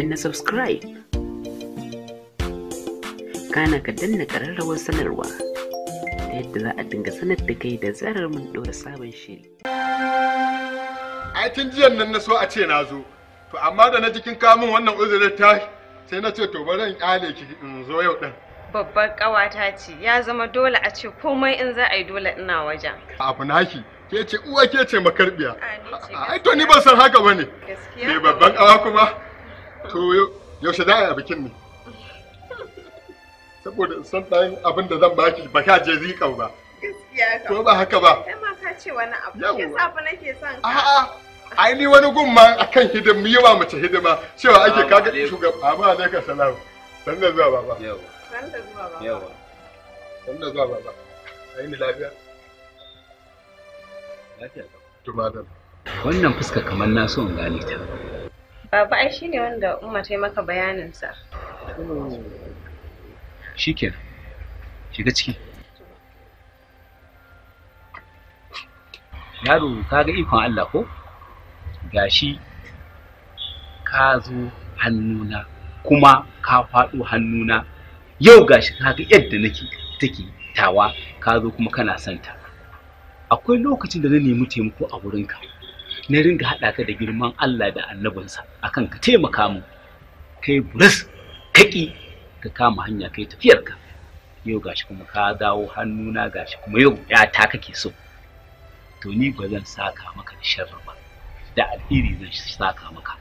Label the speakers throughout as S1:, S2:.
S1: danna subscribe kana ka danna ƙararrawar sanarwa ta yadda za a dinga sanar da kai da zarar mun ɗora sabon shiri
S2: Ai tun jiyan nan na so a ce na zo to amma da na jikin kamun wannan uzurin ta sai na ce to bari in ƙyale ki in zo yau ɗin
S3: babbar ƙawata ce ya zama dole a ce komai in za a yi dole ina wajen
S2: abu naki ke ce uwa ke ce makarbiya
S3: ai to ni ban san haka bane
S2: ne babban ƙawa kuma to yaushe za a yi bikin ne saboda san ɗan abin da zan baki ba ka je zikau ba
S3: ko ba haka ba kai ma ka ce wani abu ke sabu nake son ka a'a
S2: ai ni wani gumma akan hidima yi wa mace hidima cewa ake kaga shugaba amma ne ka salamu san da zuwa baba yawa san da zuwa baba yawa san da zuwa baba ai ni lafiya lafiya to madam
S1: wannan fuska kamar na so in gane ta
S3: Baba ai shine wanda Umma ta yi maka bayanin sa.
S4: Shikenan. Shiga ciki.
S2: Yaro kaga ikon Allah ko? Gashi ka zo hannuna kuma ka faɗo hannuna yau gashi kaga yadda nake take tawa ka zo kuma kana santa akwai lokacin da na nemi taimako a wurinka na ringa haɗa ka da girman Allah da annabinsa akan ka taimaka mu kai buras kaki ka kama hanya kai tafiyarka yau gashi kuma ka dawo hannuna gashi kuma yau ya yata kake so to ni ba zan saka maka da sharri ba da alheri zan saka maka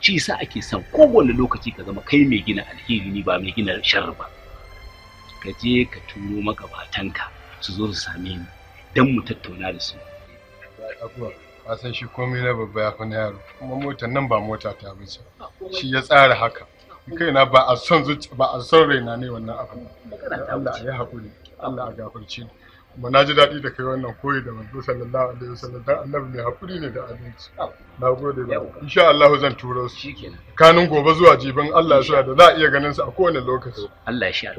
S2: shi yasa ake son kowane lokaci ka zama kai mai gina alheri ni ba mai gina sharri ba ka je ka turo maka batanka su zo su same ni don mu tattauna da su a san shi komai na babba ya fi na yaro kuma motar nan ba mota ta ba ce shi ya tsara haka na ba a son zuci ba a son raina ne wannan abu Allah ya hakuri Allah ya gafarci ni kuma na ji daɗi da kai wannan koyi da manzo sallallahu alaihi wasallam dan annabi mai hakuri ne da abinci na gode ba insha Allah zan turo su kanin gobe zuwa jibin Allah ya sa da za a iya ganin su a kowane lokaci
S1: Allah ya sha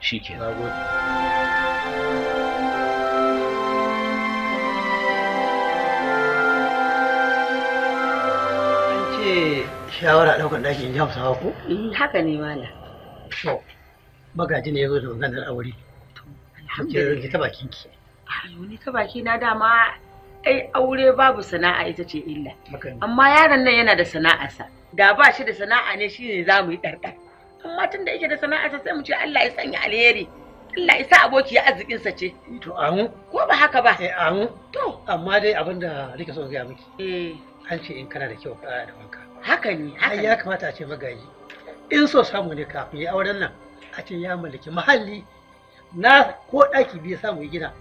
S1: shikenan na gode
S4: ce shawara daukar ɗakin ji hausawa ko? Eh,
S5: haka ne mala.
S4: To, magaji ne ya zo da maganar aure. Alhamdulillah. Ki ta bakin ki. Ah, ni ta baki na dama ai aure babu sana'a ita ce illa. Amma yaron nan yana da sana'arsa. Da ba shi da sana'a ne shi ne za mu yi ɗarɗar. Amma tun da yake da sana'arsa sai mu ce Allah ya sanya alheri. Allah sa aboki ya arzikinsa ce. To amu. Ko ba haka ba? Eh amu. To. Amma dai abinda nake so ga miki. Eh. an ce in kana da kyau ka da wanka haka ne haka ya kamata a ce magaji in so samu ne kafin ya auren nan a ce ya mallaki mahalli na ko ɗaki biyu samu ya gina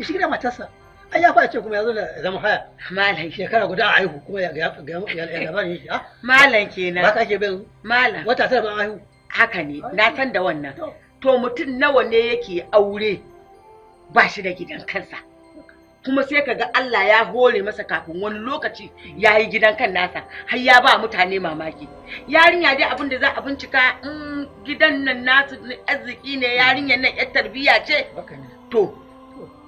S4: shi gida matarsa ai ya fa ce kuma ya zo da zama haya malam shekara guda a aihu kuma ya labarin shi malam kenan ba ka ke bai malam wata tara ba aihu haka ne na san da wannan to mutum nawa ne yake aure ba shi da gidan kansa kuma sai ka ga Allah ya hore masa kafin wani lokaci ya yi gidan kan nasa har ya ba mutane mamaki yarinya dai abin da za a bincika mm, gidan nan nasu arziki ne yarinyar nan yar tarbiyya ce to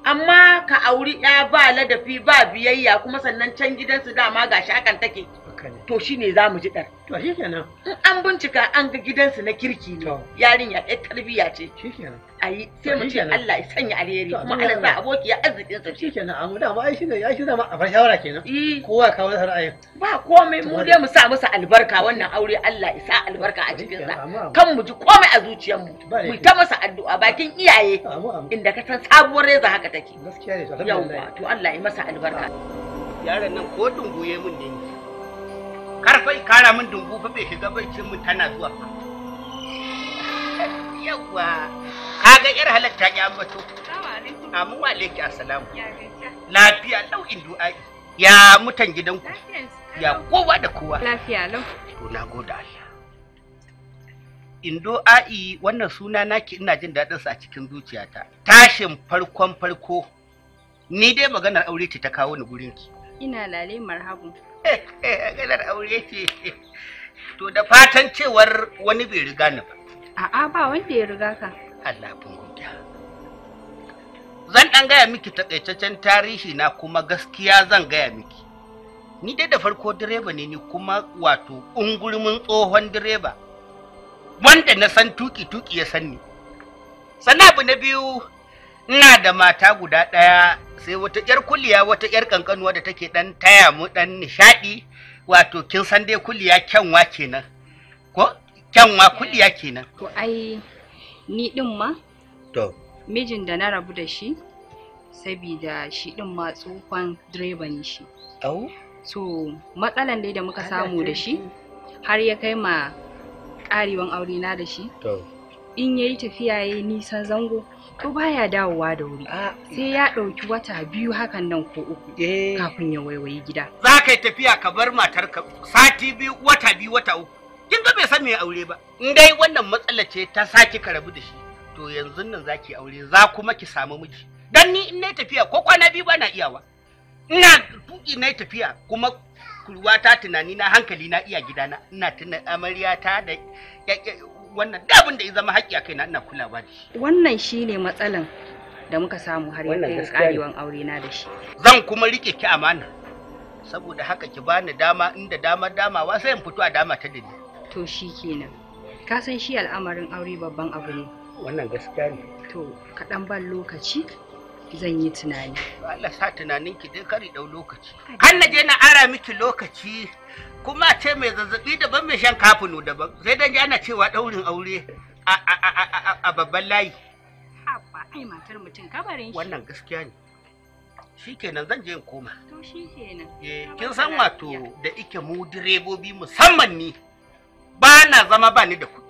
S4: amma ka auri ya ba ladafi ba biyayya kuma sannan can gidansu dama gashi hakan take hankali ne to shine za mu ji ɗan to shikenan in an bincika an ga gidansu na kirki ne ya ɗan tarbiyya ce shikenan ayi sai mu ce Allah ya sanya alheri kuma Allah sa abokiya arzikin sa shikenan amma da ma ai shine ya shine ma a bar shawara kenan eh. kowa kawo sa ra'ayin ba komai mu dai mu sa masa albarka wannan aure Allah ya sa albarka a cikin sa kan mu ji komai a zuciyar mu mu ta masa addu'a bakin iyaye inda ka san sabuwar reza haka take gaskiya ne to Allah ya masa albarka
S1: yaron nan ko dunguye mun dinki karfai kara min dungu fa bai shiga bai ce tana zuwa yawa kaga yar halatta ya bato amin wa alaiki assalamu
S5: lafiya lau in
S1: du'a'i ya mutan gidanku ya kowa da kowa lafiya lau to na gode Allah indo a'i wannan suna naki ina jin daɗin sa a cikin zuciyata tashin farkon farko ni dai maganar aure ce ta kawo ni gurinki
S5: ina lale marhabu ganar aure ce to da
S1: fatan cewar wani bai riga ni ba
S5: a'a ba wanda ya riga ka Allah bin zan dan gaya
S1: miki takaitaccen tarihi na kuma gaskiya zan gaya miki ni dai da farko direba ne ni kuma wato ungurmin tsohon direba wanda na san tuki tuki ya sanni ni sannan na biyu ina da mata guda ɗaya sai wata ƴar kuliya wata ƴar kankanuwa da take ɗan taya mu ɗan nishaɗi wato kin san dai kuliya kyanwa kenan ko kyanwa kuliya kenan to
S5: ai ni ɗin ma to mijin da na rabu da shi sabida shi ɗin ma tsohon direba shi au so matsalan dai da muka samu da shi har ya kai ma ƙarewan aure na da shi to in yayi tafiya yayi nisa zango to baya dawowa da wuri ah, sai ya ɗauki wata biyu hakan nan ko uku eh. kafin ya waiwayi gida za ka yi
S1: tafiya ka bar matar ka sati biyu wata biyu wata uku kin ga bai san me aure ba in dai wannan matsala ce ta saki ka rabu da shi to yanzu nan za ki aure za kuma ki samu miji dan ni in nayi tafiya ko kwana biyu bana iyawa ina tuki nayi tafiya kuma kurwa ta tunani na hankali na iya gidana ina tuna amaryata da wannan dabin da ya zama haƙƙi a kaina ina kulawa da
S5: shi wannan shine matsalan da muka samu har yanzu kai karewan
S1: aure na da shi zan kuma rike ki amana saboda haka ki bani dama inda dama damawa sai in fito a dama ta dani
S5: to shikenan ka san shi al'amarin aure babban abu ne wannan gaskiya ne to ka dan ban lokaci zan yi tunani.
S1: Allah sa tunanin ki dai kari dau lokaci. Har je na ara
S5: miki lokaci
S1: kuma ce mai zazzabi daban mai shan kafinu daban sai dan ji ana cewa daurin aure a babban layi.
S5: Haba ai matar mutum kabarin shi. Wannan gaskiya ne.
S1: Shikenan zan je in koma.
S5: To shikenan.
S1: Eh kin san wato da ike mu direbobi musamman ni ba na zama ba ni da kuɗi.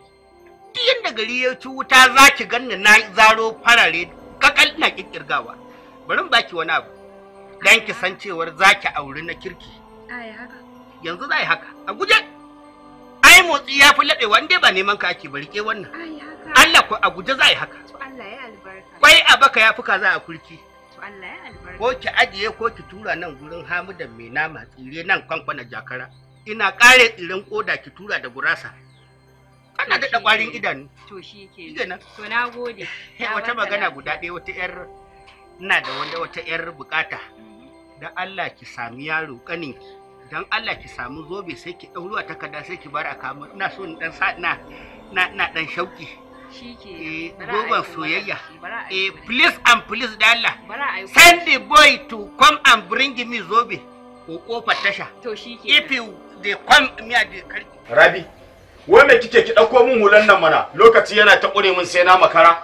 S1: Tiyin yanda gari ya ci wuta za ki ganni na zaro farare kakal ina kirkirgawa bari in baki wani abu dan ki san cewar zaki auri na kirki ai haka yanzu zai haka a guje ai motsi ya fi laɓe wanda ba neman ka ake barke wannan Allah ko a guje zai haka
S3: to Allah ya albarka
S1: kwai a baka ya fuka za a kurki
S3: to
S5: Allah ya albarka ko
S1: ki ajiye ko ki tura nan gurin Hamidan mai nama tsire nan kwankwana jakara ina kare tsiren koda ki tura da gurasa Kana daɗa ƙwarin idanu.
S5: To shi ke.
S1: To na gode. Wata magana guda ɗaya wata ƴar ina da wanda wata 'yar bukata. Mm-hmm. Don Allah ki sami yaro ƙaninki. Don Allah ki samu zobe sai ki ɗauro a takarda sai ki bar a kama ina so in ɗan sa ina na ɗan shauƙi. Shi eh, Zoben soyayya. Eh, please and please da Allah. Send the boy to come and bring me zobe. Ko kofar tasha.
S5: To shi If
S1: you they come me at the Rabi. wai me kike ki ɗauko min hulan nan mana lokaci
S2: yana ta kure min sai na makara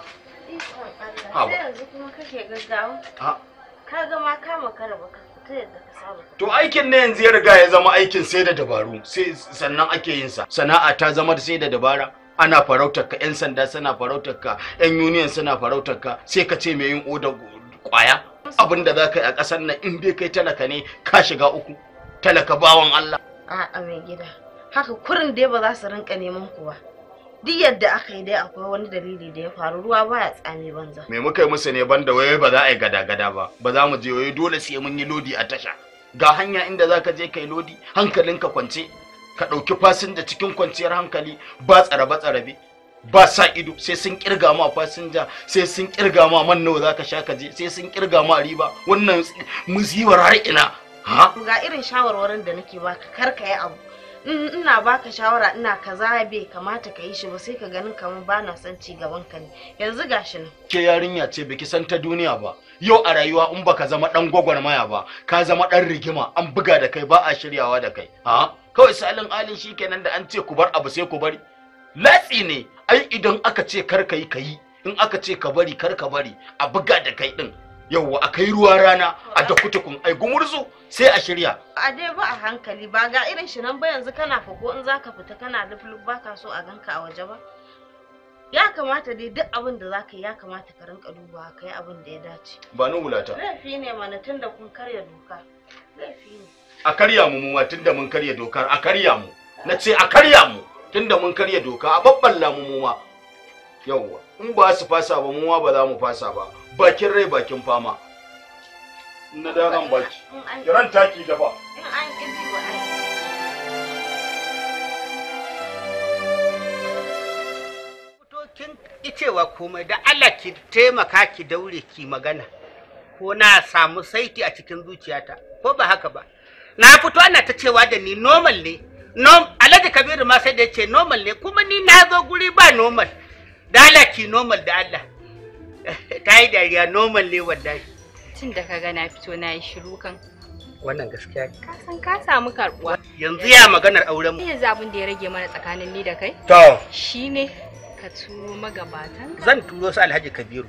S2: to aikin ne yanzu ya riga ya zama aikin sai da dabaru sai sannan ake yin sa sana'a ta zama sai da dabara ana farautar ka yan sanda suna farautar ka yan union suna farautar ka sai ka ce me yin oda kwaya abin da za ka yi a ƙasar nan in bai kai talaka ne ka shiga uku talaka bawan Allah
S3: a'a mai gida haka kurin dai ba za su rinka neman ku ba duk yadda aka yi dai akwai wani dalili da ya faru ruwa baya tsami banza
S2: me muka yi musu ne banda waye ba za a yi gada-gada ba ba za mu je waye dole sai mun yi lodi a tasha ga hanya inda za ka je ka yi lodi hankalinka kwance ka ɗauki fasinja cikin kwanciyar hankali ba tsarabe-tsarabe ba sa ido sai sun kirga ma fasinja sai sun kirga ma man nawa zaka sha ka je sai sun kirga ma riba wannan musibar har ina ha
S3: ga irin shawarwarin da nake baka kar ka yi abu ina baka shawara ina kaza bai kamata ka yi shi ba sai ka ganin kamar ba na son ci gaban ka ne yanzu gashi nan
S2: ke yarinya ce biki san ta duniya ba yau a rayuwa in baka zama dan gwagwarmaya ba ka zama dan rigima an buga da kai ba a shiryawa da kai ha kawai salin alin shikenan da an ce ku bar abu sai ku bari latsi ne ai idan aka ce kar ka yi ka yi in aka ce ka bari kar ka bari a buga da kai din yawwa a kai ruwa rana a kun ai gumurzu sai a shirya
S3: a dai ba a hankali ba ga irin shi nan ba yanzu kana ko in zaka fita kana lufluf ba ka so a ganka a waje ba ya kamata dai duk abin da zaka yi ya kamata ka rinka dubawa kai abin da ya dace
S2: ba ni wulata
S3: laifi ne mana tunda kun karya doka laifi ne
S2: a karya mu mu tunda mun karya dokar a karya mu na ce a karya mu tunda mun karya doka a babban lamu mu ma yawwa in ba su fasa ba mu ma ba za mu fasa ba bakin rai bakin fama na da nan baki kiran taki da ba
S1: kin cewa komai da Allah ki taimaka ki daure ki magana ko na samu saiti a cikin zuciyata ko ba haka ba na fito ana ta cewa da ni normal ne alhaji kabiru ma sai da ya ce normal ne kuma ni na zo guri ba normal Dala ki normal da Allah. Ta yi dariya normal ne wallahi.
S5: Tun da ka ga na fito na yi shiru kan.
S1: Wannan gaskiya.
S5: Ka san ka samu karbuwa.
S1: Yanzu ya maganar auren mu.
S5: Yanzu abin da ya rage mana tsakanin ni da kai. To. Shine ka turo magabatan.
S1: Zan turo su Alhaji Kabiru.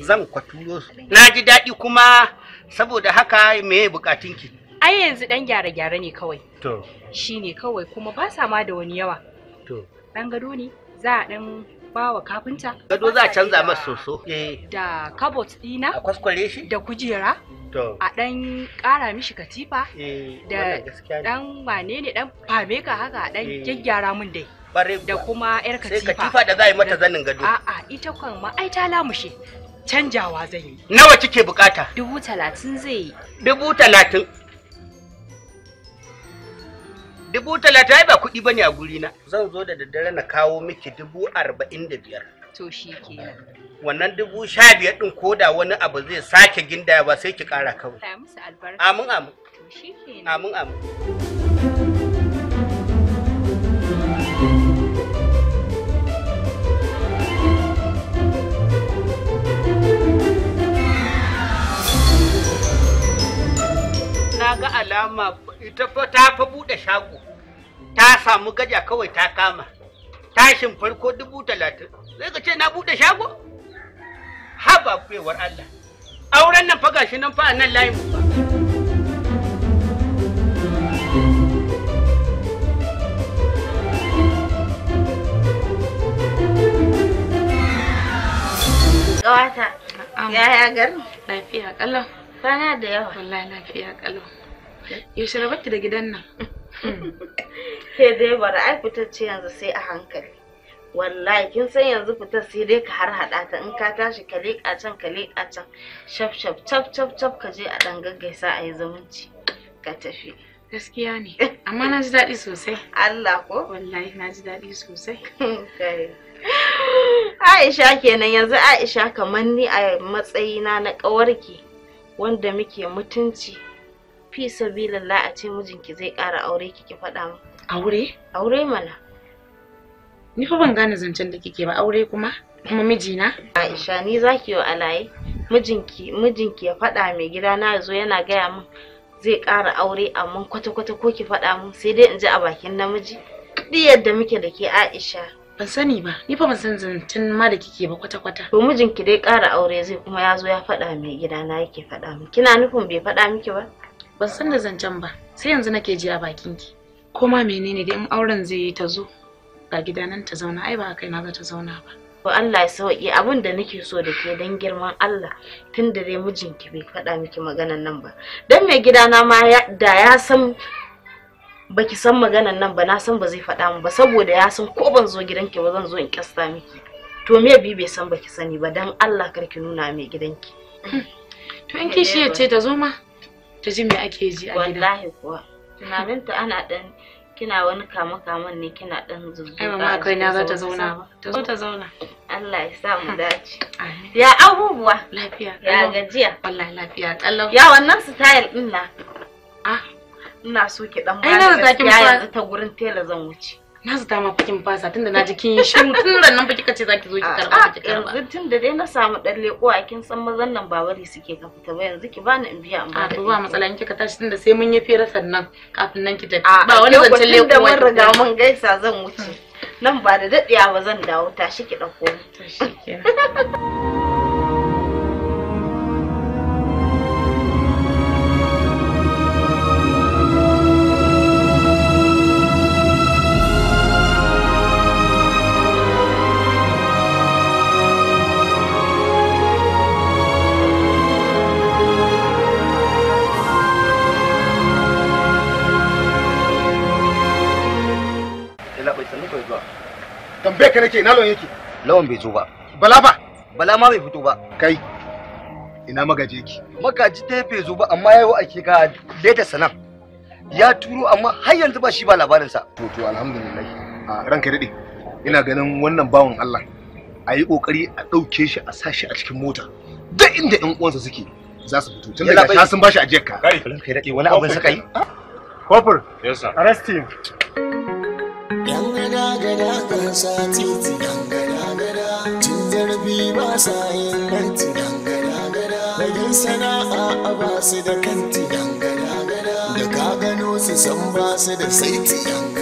S1: Zan ka turo su.
S5: Na ji daɗi kuma
S1: saboda haka me bukatunki?
S5: Ai yanzu dan gyare-gyare ne kawai. To. Shine kawai kuma ba sa ma da wani yawa. To. Dan gado ne za a dan bawa kafinta
S1: gado za a canza masa soso eh,
S5: da kabot dina a kwaskware shi da kujera a dan kara mishi katifa
S1: eh, da
S5: dan wane ne dan fame ka haka dan eh. gyaggyara mun dai da kuma yar katifa katifa
S1: da za a yi mata zanin gado a'a
S5: ita kan ma ai ta lamushe canjawa zan yi
S1: nawa kike bukata dubu
S5: talatin zai
S1: yi dubu talatin dubu talata ba kuɗi bane a guri na zan zo da daddare na kawo miki dubu arba'in da biyar to shi wannan dubu sha biyar ɗin koda wani abu zai sake gindaya ba sai ki ƙara kawai amin amin amin amin ga alama ita fa ta fa bude shago ta samu gaja kawai ta kama tashin farko dubu talatin sai ka ce na bude shago haba baiwar Allah auren nan fa gashi nan fa nan layin mu ba
S3: Ƙawata, yaya garin? Lafiya ƙalau. Kwana da yawa. Wallahi lafiya ƙalau. yaushe na da gidan nan ke dai bara ai fitar ce yanzu sai a hankali wallahi kin san yanzu fitar sai dai ka har hada ta in ka tashi ka leƙa can ka leƙa can shaf shaf cap cap cap ka je a dan gaggaisa a yi zumunci ka tafi gaskiya ne amma na ji daɗi sosai Allah ko wallahi na ji daɗi sosai Aisha kenan yanzu Aisha kamar ni a matsayina na ƙawarki wanda muke mutunci fi lalla a ce mijinki zai ƙara aure kike faɗa mu aure aure mana ni fa ban gane zancen da kike ba aure kuma kuma mijina Aisha ni za zaki wa alaye mijinki mijinki ya faɗa mai gida na yazo yana gaya min zai ƙara aure amma kwata-kwata ko ki faɗa min sai dai in ji a bakin namiji Kaɗi yadda muke da ke Aisha
S4: ban sani ba ni fa ban san zancen
S3: ma da kike ba kwata-kwata to mijinki dai ƙara aure zai kuma ya zo ya faɗa mai gida na yake faɗa min kina nufin bai faɗa miki ba ban san da zancen ba sai yanzu nake ji a bakin ki ko ma menene dai in auren zai yi ta zo ga gidanan ta zauna ai ba kai na za ta zauna ba to Allah ya sauki abin da nake so da ke dan girman Allah tun da dai mijinki bai faɗa miki maganan nan ba dan mai gidana ma da ya san baki san maganan nan ba na san ba zai faɗa min ba saboda ya san ko ban zo gidanki ba zan zo in kasta miki to me bi bai san baki sani ba dan Allah karki nuna mai gidanki hmm. to in kishi ya ce ta zo ma ta ji me ake ji a gida wallahi kuwa tunanin ta ana dan kina wani kama kaman ne kina dan zuzzuba ai mama kai na za ta zauna ba ta zo ta zauna Allah ya sa mu dace ya abubuwa lafiya ya gajiya wallahi lafiya kallon ya wannan style din na ah ina so ki dan ba ya ta gurin tela zan wuce na zata ma fakin fasa tunda na ji kin shiru tun da nan fa kika ce zaki zo ki karba ki karba yanzu tun da dai na samu dan leko a kin san mazan nan babari suke ka fita ba yanzu ki bani in biya in a to ba matsala in kika tashi tun da sai mun yi fere sannan kafin nan ki tafi ba wani zancen leko da mun riga mun gaisa zan wuce nan ba da dadiya ba zan dawo tashi ki dauko
S4: tashi kenan
S2: tambaye ka nake ina lawan yake lawan bai zo ba bala ba bala ma bai fito ba kai ina magaji yake magaji ta bai zo ba amma yayi ake ga leta sanan ya turo amma har yanzu ba shi ba sa to to alhamdulillah a ranka dade ina ganin wannan bawan Allah a yi kokari a ɗauke shi a sashi a cikin mota duk inda ɗan uwansa suke za su fito tun daga sha sun bashi ajiyar ka kai kai dade wani abin suka yi kofur yes sir arrest him gada kan sa titi gada gada cin zarbi ba sa yin ranti gada gada bagin sana'a a ba su da kanti gada gada da ka gano su san ba su da saiti gada